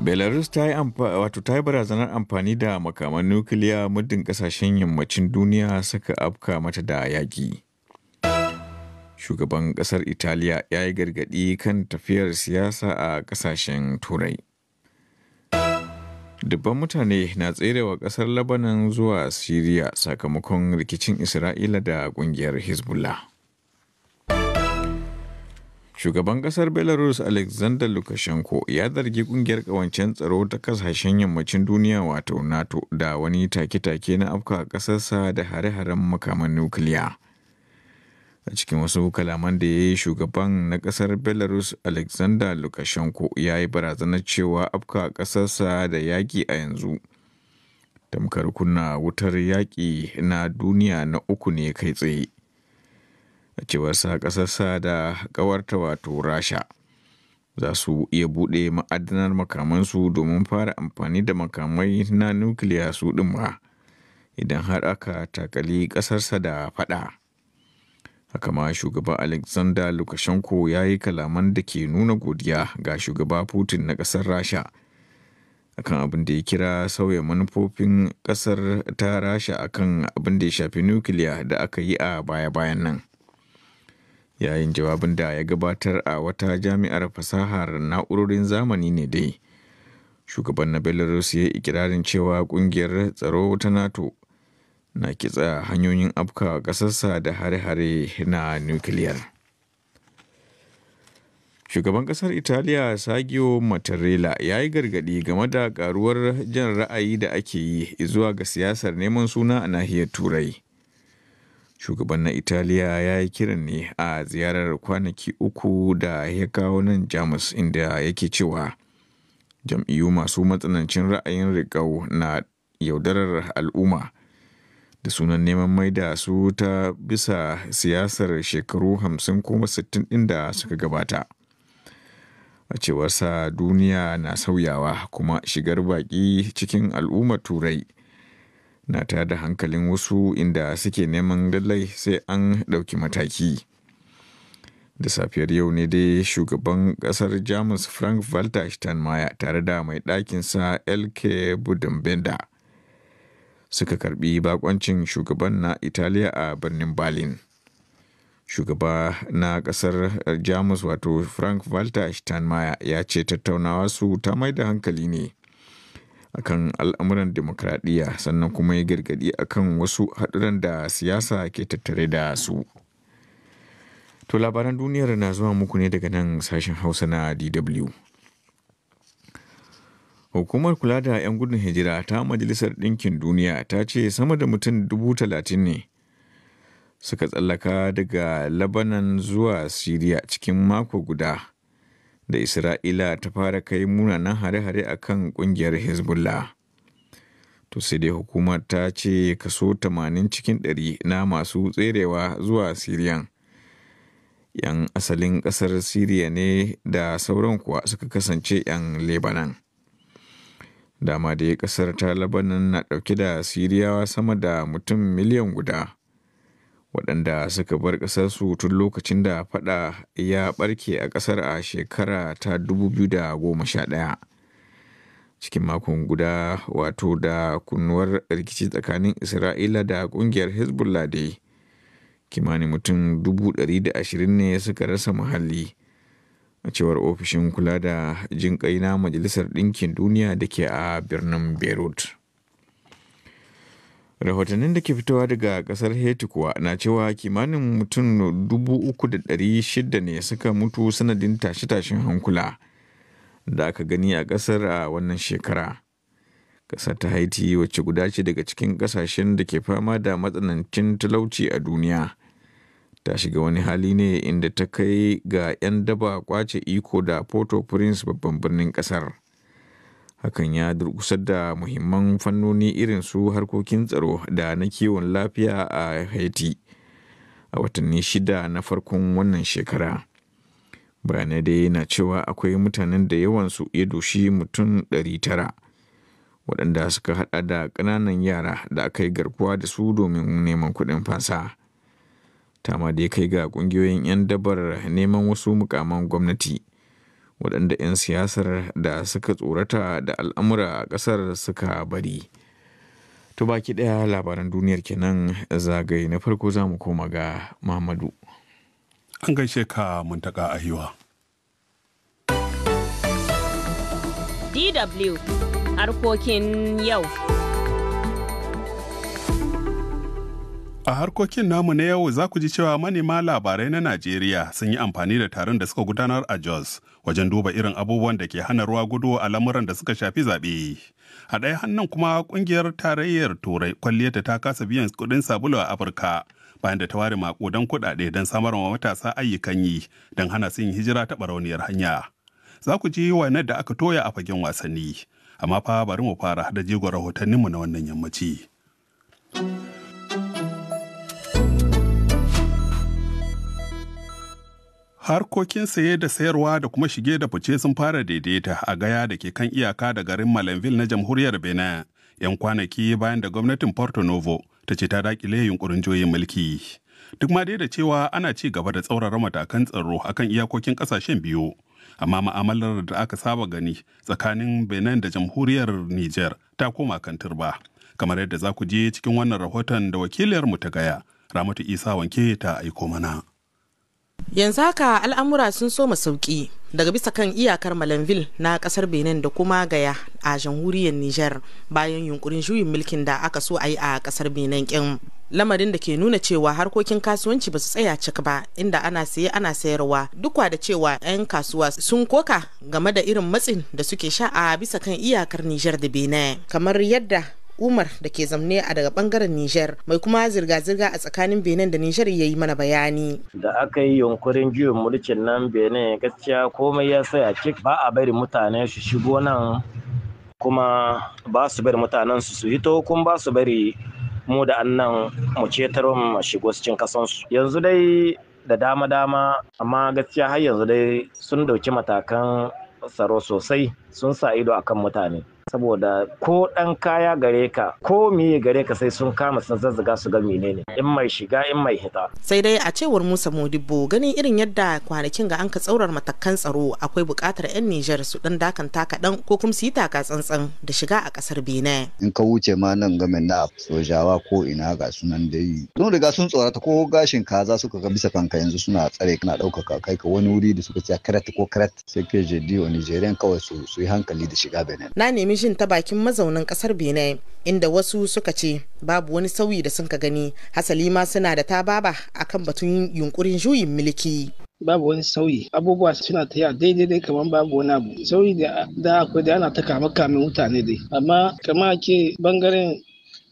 belarus ta yi barazanar amfani da makaman nukiliya muddin kasashen yammacin duniya suka afka mata da yaƙi shugaban ƙasar italiya ya yi gargaɗi kan tafiyar siyasa a ƙasashen turai dubban mutane na tserewa ƙasar labanan zuwa siriya sakamakon rikicin isra'ila da ƙungiyar hezbollah Shugaban kasar Belarus Alexander Lukashenko ya zargi kungiyar kawancen tsaro ta kasashen yammacin duniya wato NATO da wani take-take na afka kasarsa da hare-haren makaman nukiliya. A cikin wasu kalaman da ya yi shugaban na kasar Belarus Alexander Lukashenko ya yi barazanar cewa afka kasarsa da yaƙi a yanzu. Tamkar kunna wutar yaƙi na duniya na uku ne kai tsaye. a sa ƙasarsa da ƙawarta wato rasha za su iya buɗe ma'adanar makamansu domin fara amfani da makamai na nukiliya su ɗin idan har aka takali ƙasarsa da faɗa haka ma shugaba alexander lukashenko ya yi kalaman da ke nuna godiya ga shugaba putin na ƙasar rasha akan abin da ya kira sauya manufofin ƙasar ta rasha akan abin da ya shafi nukiliya da aka yi a baya-bayan nan yayin jawabin da ya gabatar a wata jami'ar fasahar na'urorin zamani ne dai shugaban na belarus ya yi ikirarin cewa kungiyar tsaro ta nato na kitsa hanyoyin afka ƙasarsa da hare-hare na nukiliyar shugaban kasar italiya sagio mattarella ya yi gargadi game da karuwar jan ra'ayi da ake yi zuwa ga siyasar neman suna a nahiyar turai shugaban na italiya ya yi kiran ne a ziyarar kwanaki uku da ya kawo nan jamus inda yake cewa jam'iyyu masu matsanancin ra'ayin rigau na yaudarar al'umma da sunan neman maida su ta bisa siyasar shekaru hamsin kuma 60 ɗin da suka gabata a cewarsa duniya na sauyawa kuma shigar baƙi cikin al'ummar turai na ta da hankalin wasu inda suke neman lallai sai an ɗauki mataki da safiyar yau ne dai shugaban kasar jamus frank walter steinmeier tare da mai ɗakinsa lk budenbender suka karbi bakoncin shugaban na italiya a birnin berlin shugaba na kasar jamus wato frank walter steinmeier ya ce tattaunawa su ta mai da hankali ne akan al'amuran demokradiyya sannan kuma ya gargadi akan wasu haɗuran da siyasa ke tattare da su to labaran duniyar na zuwa muku ne daga nan sashen hausa na dw hukumar kula da 'yan gudun hijira ta majalisar ɗinkin duniya ta ce sama da mutum dubu talatin ne suka tsallaka daga labanan zuwa siriya cikin mako guda da Isra'ila ta fara kai munanan hare-hare a kan ƙungiyar Hezbollah. To sai dai hukumar ta ce kaso 80 cikin 100 na masu tserewa zuwa Siriyan. 'Yan asalin ƙasar Siriya ne da sauran kuwa suka kasance 'yan Lebanon. Dama dai ƙasar ta Labanan na ɗauke da Siriyawa sama da mutum miliyan guda. waɗanda suka bar ƙasar su tun lokacin da faɗa ya ɓarke a ƙasar a shekara ta 2011 cikin makon guda wato da kunnuwar rikici tsakanin isra'ila da ƙungiyar hezbollah dai kimanin mutum 120 ne suka rasa muhalli a cewar ofishin kula da jinƙai na majalisar ɗinkin duniya da ke a birnin beirut rahotannin da ke fitowa daga kasar haiti kuwa na cewa kimanin mutum dubu uku da shida ne suka mutu sanadin tashe-tashen hankula da aka gani a kasar a wannan shekara kasar ta haiti wacce guda ce daga cikin ƙasashen da ke fama da matsanancin talauci a duniya ta shiga wani hali ne inda ta kai ga 'yan daba kwace iko da porto prince babban birnin ƙasar. hakan ya durkusar da muhimman fannoni irin su harkokin tsaro da na kiwon lafiya a haiti a watanni shida na farkon wannan shekara bayanai dai na cewa akwai mutanen da yawansu ya doshi mutum 900 waɗanda suka haɗa da ƙananan yara da aka yi garkuwa da su domin neman kuɗin fansa tama dai kai ga ƙungiyoyin 'yan dabar neman wasu mukaman gwamnati waɗanda 'yan siyasar da suka tsorata da al'amura a ƙasar suka bari to baki ɗaya labaran duniyar kenan zagaye na farko za mu koma ga muhammadu an gaishe ka muntaka yiwa. dw harkokin yau A harkokin namu na yau za ku ji cewa manema labarai na Najeriya sun yi amfani da taron da suka gudanar a Jos wajen duba irin abubuwan da ke hana ruwa gudu a lamuran da suka shafi zaɓe. A ɗaya hannun kuma ƙungiyar tarayyar Turai kwalliyarta ta kasa biyan kuɗin sabulu a Afirka bayan da ta ware maƙudan kuɗaɗe don samar wa matasa ayyukan yi don hana su yin hijira ta barauniyar hanya. Za ku ji wainar da aka toya a fagen wasanni, amma fa bari mu fara da jigon rahotanninmu na wannan yammaci. harkokin saye da sayarwa da kuma shige da fice sun fara daidaita a gaya da ke kan iyaka da garin malanville na jamhuriyar benin yan kwanaki bayan da gwamnatin porto novo ta ce ta dakile yunkurin juyin mulki duk ma dai da cewa ana ci gaba da tsaurara matakan tsaro akan iyakokin kasashen biyu amma ma'amalar da aka saba gani tsakanin benin da jamhuriyar niger ta koma kan ba, kamar yadda za ku je cikin wannan rahoton da wakiliyarmu ta gaya ramatu isa wanke ta aiko mana yanzu haka al'amura sun soma sauki daga bisa kan iyakar malanville na kasar benin da kuma gaya a jamhuriyar niger bayan yunkurin juyin mulkin da aka so a yi a kasar benin kin lamarin da ke nuna cewa harkokin kasuwanci ba su tsaya cik ba inda ana saye ana sayarwa dukwa da cewa 'yan kasuwa sun koka game da irin matsin da suke sha a bisa kan iyakar niger da benin kamar yadda umar da ke zamne a daga bangaren niger mai kuma zirga-zirga a tsakanin benin da niger ya yi mana bayani da aka yi yunkurin juyin mulkin nan benin gaskiya komai ya a cik ba a bari mutane su shigo nan kuma ba su bari mutanen su su hito kuma ba su bari mu da annan mu cetar mu shigo cikin kasansu yanzu dai da dama-dama amma gaskiya har yanzu dai sun ɗauki matakan tsaro sosai sun sa ido akan mutane saboda ko ɗan kaya gare ka ko miye gare ka sai sun kama sun zazzaga su ga menene in mai shiga in mai hita sai dai a cewar Musa Modibo ganin irin yadda kwanakin ga an ka tsaurar matakan tsaro akwai bukatar 'yan Nijar su ɗan dakanta kaɗan ko kuma su yi taka tsantsan da shiga a ƙasar Benin in ka wuce ma nan gamin na sojawa ko ina ga sunan dai sun riga sun tsorata ko gashin kaza suka ga bisa kanka yanzu suna tsare kana ɗaukaka kai ka wani wuri da suka ce karat ko karat sai ke je diyo Nigerian kawai su yi hankali da shiga Benin na nemi jin ta bakin mazaunin kasar benin inda wasu suka ce babu wani sauyi da sun ka gani hasali ma suna da tababa kan batun yunkurin juyin miliki babu wani sauyi abubuwa suna tafiya daidai dai kamar babu wani abu sauyi da akwai da ana ta kama kame mutane dai amma kama ke bangaren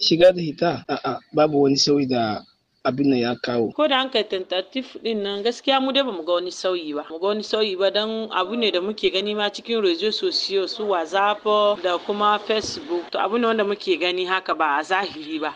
shiga da hita a'a babu wani sauyi da abin ya kawo ko da an kai tentative din nan gaskiya mu dai bamu ga wani sauyi ba mu ga wani sauyi ba dan abu ne da muke gani ma cikin rezo sosiyo su whatsapp da kuma facebook to abu ne wanda muke gani haka ba a zahiri ba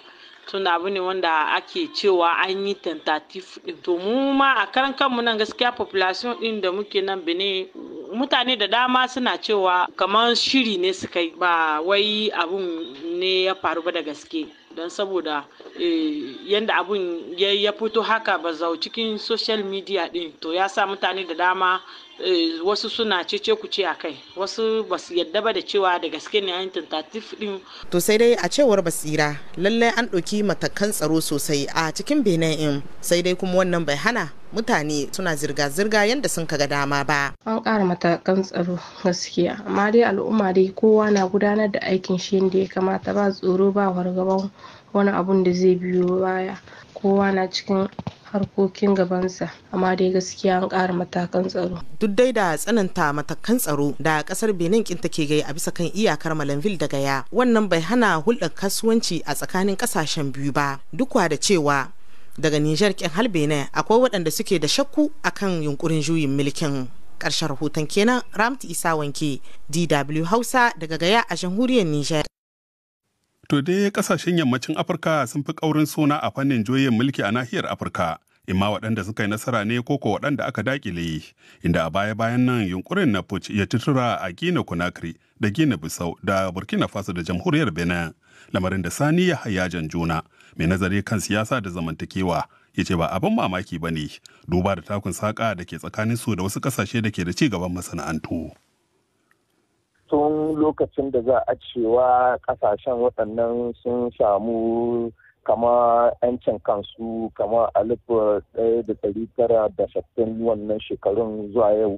tunda abu ne wanda ake cewa an yi tentative din to mu ma a karan kanmu nan gaskiya population din da muke nan bene mutane da dama suna cewa kamar shiri ne suka yi ba wai abun ne ya faru ba da gaske don saboda eh, yadda abun ya fito haka ba zau cikin social media din to ya sa mutane da dama Eh, wasu suna cece ku ce a kai wasu ba su yadda ba da cewa da gaske ne an tentative din to sai dai a cewar basira lallai an ɗauki matakan tsaro sosai a cikin benin in sai dai kuma wannan bai hana mutane suna zirga-zirga yadda sun kaga dama ba an ƙara matakan tsaro gaskiya amma dai al'umma dai kowa na gudanar da aikin shi yadda ya kamata ba tsoro ba wargaban wani abun da zai biyo baya kowa na cikin harkokin gabansa amma dai gaskiya an ƙara matakan tsaro duk dai da tsananta matakan tsaro da kasar benin kin take gai a bisa kan iyakar malanville da gaya wannan bai hana hulɗar kasuwanci a tsakanin ƙasashen biyu ba duk da cewa daga niger kin har benin akwai waɗanda suke da shakku akan yunkurin juyin mulkin ƙarshen rahoton kenan ramti isa wanke dw hausa daga gaya a jamhuriyar niger. To dai kasashen yammacin Afirka sun fi ƙaurin suna a fannin juyin mulki a nahiyar Afirka. Imma waɗanda suka yi nasara ne ko waɗanda aka dakile inda a baya-bayan nan yunkurin na Puch ya tutura a Gina Conakry da Gina bisau da Burkina Faso da Jamhuriyar Benin. Lamarin da Sani ya jan juna mai nazari kan siyasa da zamantakewa ya ce ba abin mamaki ba ne duba da takun saƙa da ke tsakanin su da wasu ƙasashe da ke da ci gaban masana'antu. tun lokacin da za a cewa kasashen waɗannan sun samu kama 'yancin kansu kama alif ɗaya da ɗari tara da sattin wannan shekarun zuwa yau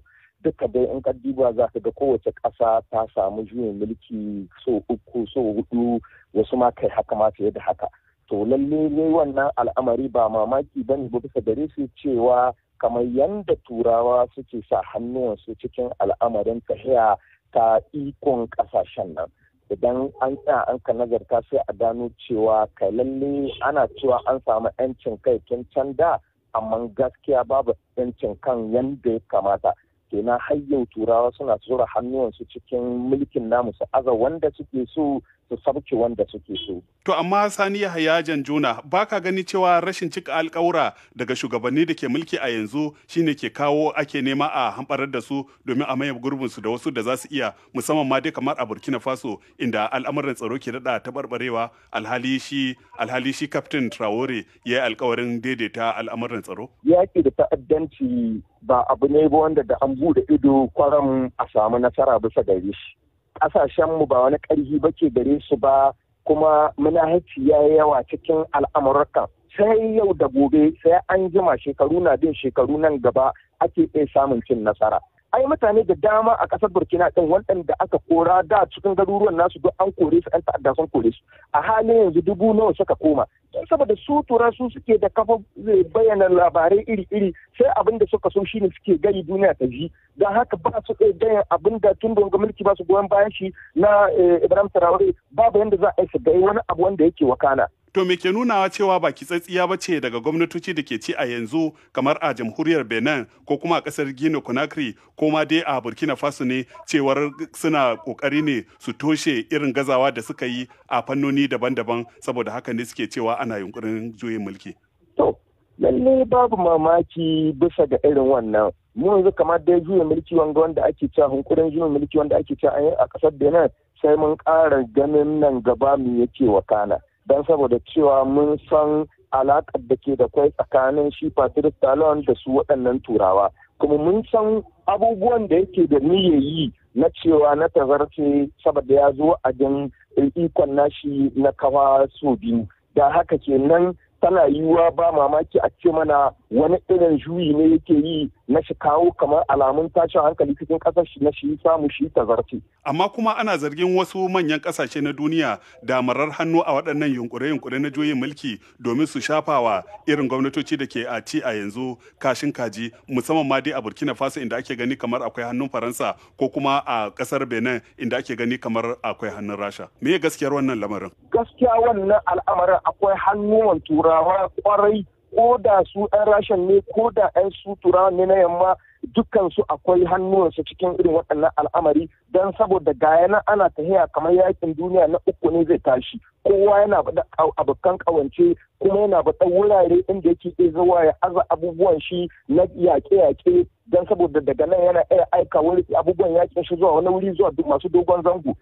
duka dai in duba za ka ga kowace ƙasa ta samu juyin mulki so uku so hudu wasu ma kai haka ma fiye da haka to lalle ne wannan al'amari ba mamaki ba ne bisa gare su cewa kamar yadda turawa suke sa hannuwansu cikin al'amarin tahiya ta ikon kasashen nan idan an tsaya an ka nazarta sai a gano cewa kai lalle ana cewa an samu 'yancin kai tun can da amma gaskiya babu 'yancin kan yadda ya kamata kenan har yau turawa suna tura hannuwansu cikin mulkin namu su aza wanda suke so su sabke wanda suke so. To amma Sani Yahaya juna ba ka gani cewa rashin cika alkawura daga shugabanni da ke mulki a yanzu shine ke kawo ake nema a hamɓarar da su domin a maye gurbin su da wasu da za su iya musamman ma dai kamar a Burkina Faso inda al'amuran tsaro ke daɗa taɓarɓarewa alhali shi alhali shi Captain Traore ya yi alkawarin daidaita al'amuran tsaro. Yaƙi da ta'addanci ba abu ne ba wanda da an bude ido kwaran a samu nasara bisa gare shi. kasashenmu ba wani ƙarfi ba ke gare su ba kuma munahaci ya yi yawa cikin al'amurka sai yau da gobe sai an jima shekaru na bin shekaru nan gaba ake iya samun cin nasara. ai mutane da dama a kasar burkina ɗin waɗanda aka kora da cikin garuruwan nasu duk an kore su 'yan ta'adda sun kore su a halin yanzu dubu nawa suka koma don saboda su tura su suke da kafa eh, bayyana labarai iri-iri sai abinda da suka so shine suke gari duniya ta ji don haka ba su gayan abin da tun donga mulki ba su goyon bayan shi na eh, ibrahim traore babu yadda za a yi su ga wani abu wanda yake wakana to me ke nunawa cewa ba kitsatsiya ba ce daga gwamnatoci da ke ci a yanzu kamar a jamhuriyar benin ko kuma a kasar guinea conakry ko ma dai a burkina faso ne cewar suna kokari ne su toshe irin gazawa da suka yi a fannoni daban-daban saboda haka ne suke cewa ana yunkurin juyin mulki to lalle babu mamaki bisa ga irin wannan mu yanzu kamar dai juyin mulki wanga wanda ake cewa hunkurin juyin mulki wanda ake cewa a kasar benin sai mun ƙara ganin nan gaba mu yake wa kana. don saboda cewa mun san alaƙar da ke da kwai tsakanin shi Patrick Talon da su waɗannan turawa kuma mun san abubuwan da yake da yi na cewa na tazarce saboda ya zo a jin ikon nashi na kawa su biyu da haka kenan tana yiwuwa ba mamaki a ce mana wani irin juyi ne yake yi na shi kawo kamar alamun tashin hankali cikin kasar shi na shi samu shi tazarci. Amma kuma ana zargin wasu manyan kasashe na duniya da marar hannu a waɗannan yunkure-yunkure na juyin mulki domin su shafa wa irin gwamnatoci da ke a ci a yanzu kashin kaji musamman ma dai a Burkina Faso inda ake gani kamar akwai hannun Faransa ko kuma a kasar Benin inda ake gani kamar akwai hannun Rasha. Me gaskiyar wannan lamarin? Gaskiya wannan al'amarin akwai hannuwan turawa kwarai ko da su ɗan rashin ne ko da ɗan su ne na yamma dukkansu akwai hannuwansu cikin irin waɗannan al'amari don saboda ga yana ana tahiya kamar yakin duniya na uku ne zai tashi kowa yana da abokan ƙawance kuma yana da wurare inda yake iya zuwa ya aza abubuwan shi na yaƙe-yaƙe don saboda daga nan yana iya aika wani abubuwan yaƙin shi zuwa wani wuri zuwa duk masu dogon zango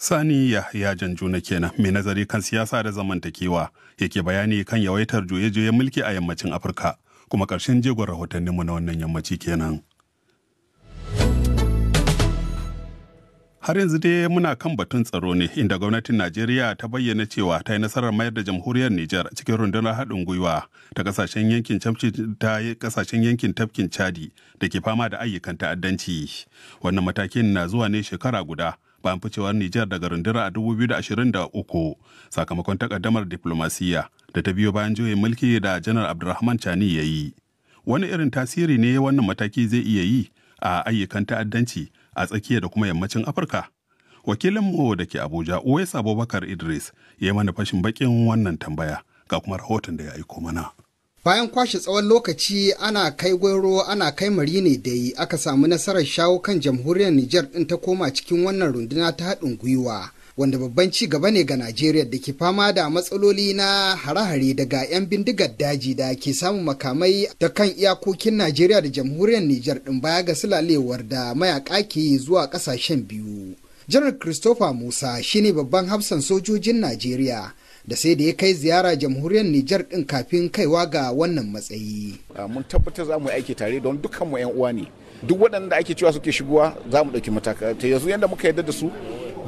Sani yahyajan juna kenan mai nazari kan siyasa da zamantakewa yake bayani kan yawaitar juye juye mulki a yammacin Afirka kuma ƙarshen jegon rahotanninmu na wannan yammaci kenan. Har yanzu dai muna kan batun tsaro ne inda gwamnatin Najeriya ta bayyana cewa ta yi nasarar mayar da jamhuriyar Nijar cikin rundunar haɗin gwiwa ta kasashen yankin ta kasashen yankin tafkin Chadi da ke fama da ayyukan ta'addanci. Wannan matakin na zuwa ne shekara guda bayan ficewar Nijar daga rundunar a 2023 sakamakon takaddamar diplomasiyya da ta biyo bayan juyin mulki da janar Abdulrahman Chani ya yi. Wani irin tasiri ne wannan mataki zai iya yi a ayyukan ta'addanci a tsakiya da kuma yammacin Afirka? Wakilinmu da ke Abuja, Uwais Abubakar Idris, ya yi mana fashin bakin wannan tambaya ga kuma rahoton da ya aiko mana. bayan kwashe tsawon lokaci ana kai gwairo ana kai mari ne da yi aka samu nasarar shawo kan jamhuriyar Nijar ɗin ta koma cikin wannan runduna ta haɗin gwiwa wanda babban ci gaba ne ga Najeriya da ke fama da matsaloli na hare-hare daga 'yan bindigar daji da ke samun makamai da kan iyakokin Najeriya da jamhuriyar Nijar ɗin baya ga sulalewar da mayaƙa ke zuwa ƙasashen biyu. Janar Christopher Musa shine babban hafsan sojojin Najeriya da sai da ya kai ziyara jamhuriyar Nijar ɗin kafin kaiwa ga wannan matsayi. Ah, mun tabbatar za mu yi aiki tare don dukkan mu 'yan uwa ne. Duk waɗanda ake cewa suke shigowa za mu ɗauki Ta Yanzu yadda muka yarda da su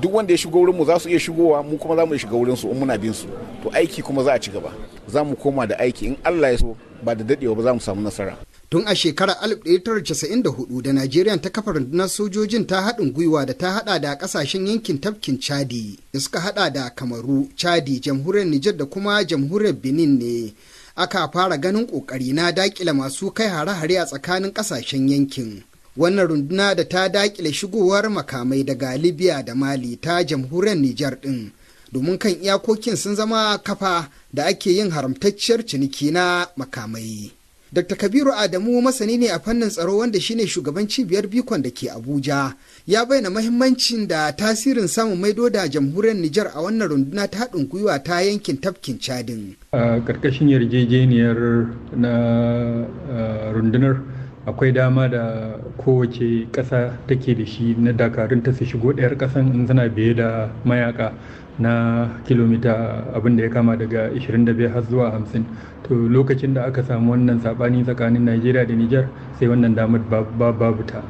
duk wanda ya shigo wurin mu za su iya shigowa mu kuma za mu shiga wurin su in muna bin su to aiki kuma za a ci gaba za mu koma da aiki in Allah ya so ba da dadewa ba za mu samu nasara tun a shekarar 1994 da najeriya ta kafa rundunar sojojin ta haɗin gwiwa da ta haɗa da ƙasashen yankin tafkin chadi da suka haɗa da kamaru chadi jamhuriyar nijar da kuma jamhuriyar benin ne aka fara ganin ƙoƙari na daƙile masu kai hare-hare a tsakanin ƙasashen yankin wannan runduna da ta daƙile shigowar makamai daga libya da mali ta jamhuriyar nijar din domin kan iyakokin sun zama kafa da ake yin haramtacciyar ciniki na makamai Dr. Kabiru Adamu masani ne a fannin tsaro wanda shine shugaban cibiyar Bikon da ke Abuja. Ya bayyana mahimmancin da tasirin samun maido da jamhuriyar Nijar a wannan runduna ta haɗin gwiwa ta yankin tafkin Chadin. A ƙarƙashin yarjejeniyar na rundunar akwai dama da kowace ƙasa take da shi na dakarun ta su shigo ɗayar ƙasan in suna biye da mayaka. na kilomita abin da ya kama daga 25 har zuwa 50 to lokacin da aka samu wannan sabani tsakanin najeriya da niger sai wannan damar babu ta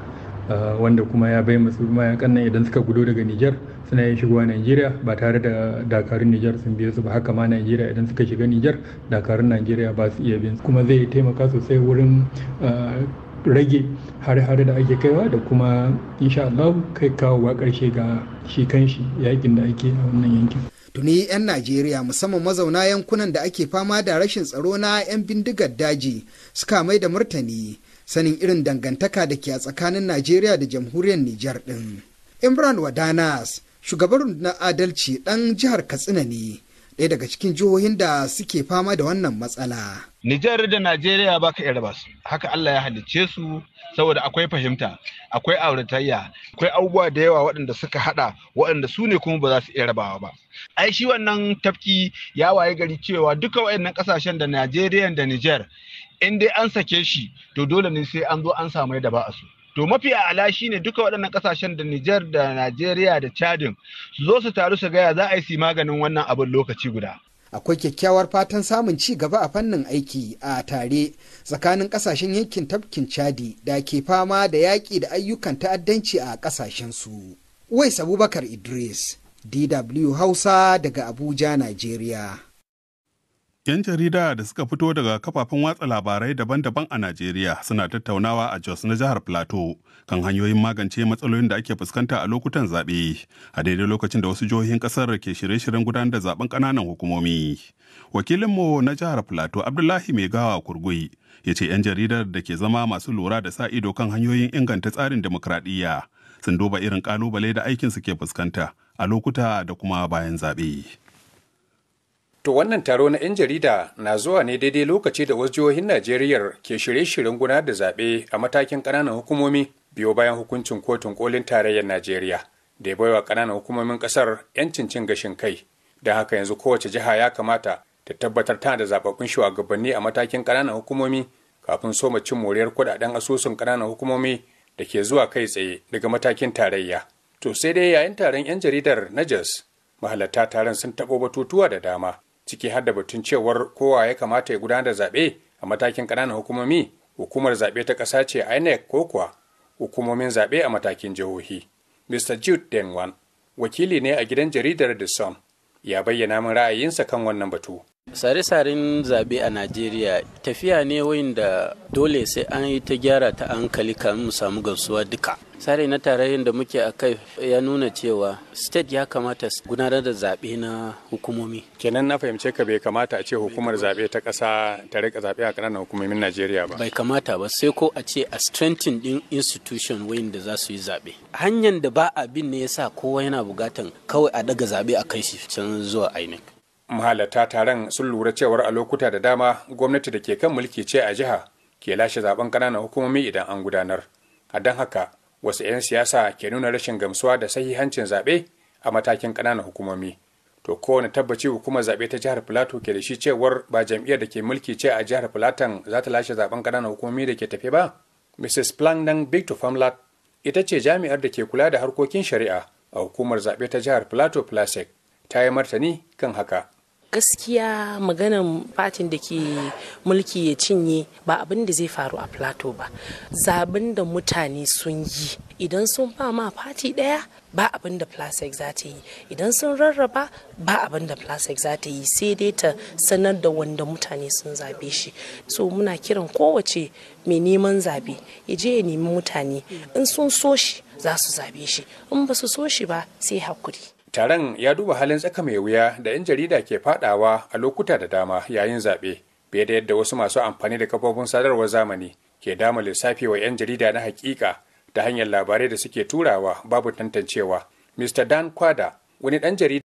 ah, wanda kuma ya bai masu mayakan nan idan suka gudo daga niger suna yin shigowa nigeria ba tare da dakarun niger sun biyo su ba haka ma nigeria idan suka shiga niger dakarun nigeria ba su iya bin kuma zai taimaka sosai wurin ah, rage hare-hare da ake kaiwa da kuma insha allahu kai kawowa ga shi kan shi yakin da ake a wannan yankin. Tuni 'yan Najeriya musamman mazauna yankunan da ake fama da rashin tsaro na 'yan bindigar daji suka mai da murtani: sanin irin dangantaka da ke a tsakanin Najeriya da jamhuriyar Nijar ɗin. Imran Wadanas, shugaban na adalci ɗan jihar Katsina ne, ɗaya daga cikin jihohin da suke fama da wannan matsala. Nijar da Najeriya ba ka ba su, haka Allah ya halicce su saboda akwai fahimta, akwai auratayya, akwai abubuwa da yawa waɗanda suka haɗa waɗanda su ne kuma ba za su yarabawa rabawa ba. Ai shi wannan tafki ya waye gari cewa duka waɗannan ƙasashen da Najeriya da Nijar in dai an sake shi to dole ne sai an zo an samu yadda ba a su. to mafi shi ne duka waɗannan ƙasashen da Nijar da Najeriya da Chadin su zo su taru su gaya za a yi maganin wannan abin lokaci guda akwai kyakkyawar fatan samun ci gaba a fannin aiki a tare tsakanin ƙasashen yankin tafkin chadi da ke fama da yaƙi da ayyukan ta'addanci a ƙasashensu. wais Sabubakar idris dw hausa daga abuja najeriya 'Yan jarida da suka fito daga kafafen watsa labarai daban-daban a Najeriya suna tattaunawa a Jos na jihar Plateau kan hanyoyin magance matsalolin da ake fuskanta a lokutan zaɓe a daidai lokacin da wasu jihohin ƙasar ke shirye-shiryen gudanar da zaɓen ƙananan hukumomi. Wakilinmu na jihar Plateau Abdullahi Mai Gawa Kurgui ya ce 'yan jaridar da ke zama masu lura da sa ido kan hanyoyin inganta tsarin demokradiyya sun duba irin ƙalubale da aikinsu ke fuskanta a lokuta da kuma bayan zaɓe. To wannan taro na 'yan jarida na zuwa ne daidai lokaci da wasu jihohin Najeriya ke shirye-shiryen gudanar da zaɓe a matakin ƙananan hukumomi biyo bayan hukuncin kotun ƙolin tarayyar Najeriya da ya baiwa ƙananan hukumomin ƙasar 'yancin cin gashin kai. Don haka yanzu kowace jiha ya kamata ta tabbatar tana da zaɓaɓɓun shugabanni a matakin ƙananan hukumomi kafin soma cin moriyar kuɗaɗen asusun ƙananan hukumomi da ke zuwa kai tsaye daga matakin tarayya. To sai dai yayin taron 'yan jaridar na Jos, mahalarta taron sun taɓo batutuwa da dama. ciki har da batun cewar kowa ya kamata ya gudanar da zaɓe a matakin ƙananan hukumomi hukumar zaɓe ta ƙasa ce INEC ko kuwa hukumomin zaɓe a matakin jihohi. Mr. Jude Denwan, wakili ne a gidan jaridar The Sun, ya bayyana min ra'ayinsa kan wannan batu. Sare-saren zabe a Najeriya tafiya ne da dole sai an yi ta gyara ta hankali kamin mu samu gamsuwa duka. Sare na tarayyar da muke a kai ya nuna cewa state ya kamata gudanar da zaɓe na hukumomi. Kenan na fahimce ka bai kamata a ce hukumar zabe ta kasa ta rika zaɓe a ƙananan hukumomin Najeriya ba. Bai kamata ba sai ko a ce a strengthen din institution wayin da za su yi zaɓe. Hanyar da ba abin ne yasa kowa yana bukatan kawai a daga zaɓe a kai shi can zuwa INEC. mahalarta taron sun lura cewar a lokuta da dama gwamnati da ke kan mulki ce a jiha ke lashe zaben ƙananan hukumomi idan an gudanar a don haka wasu 'yan siyasa ke nuna rashin gamsuwa da sahihancin zaɓe a matakin ƙananan hukumomi to kowane tabbaci hukumar zaɓe ta jihar filato ke da shi cewar ba jam'iyyar da ke mulki ce a jihar filatan za ta lashe zaben ƙananan hukumomi da ke tafe ba mrs plankton victor famlat ita ce jami'ar da ke kula da harkokin shari'a a hukumar zaɓe ta jihar filato plasek ta yi martani kan haka gaskiya maganan fatin da ke mulki ya cinye ba abin da zai faru a plato ba zaben da mutane sun yi idan sun ba ma fati ɗaya ba abin da plastic za ta yi idan sun rarraba ba abin da plastic za ta yi sai dai ta sanar da wanda mutane sun zabe shi so muna kiran kowace mai neman zabe ya je ya nemi mutane in sun so shi za su zabe shi in ba su so shi ba sai hakuri taron ya duba halin tsaka mai wuya da 'yan jarida ke fadawa a lokuta da dama yayin zaɓe fiye da yadda wasu masu amfani da kafofin sadarwar zamani ke dama lissafi wa 'yan jarida na hakika ta hanyar labarai da suke turawa babu tantancewa mr dan kwada wani ɗan jarida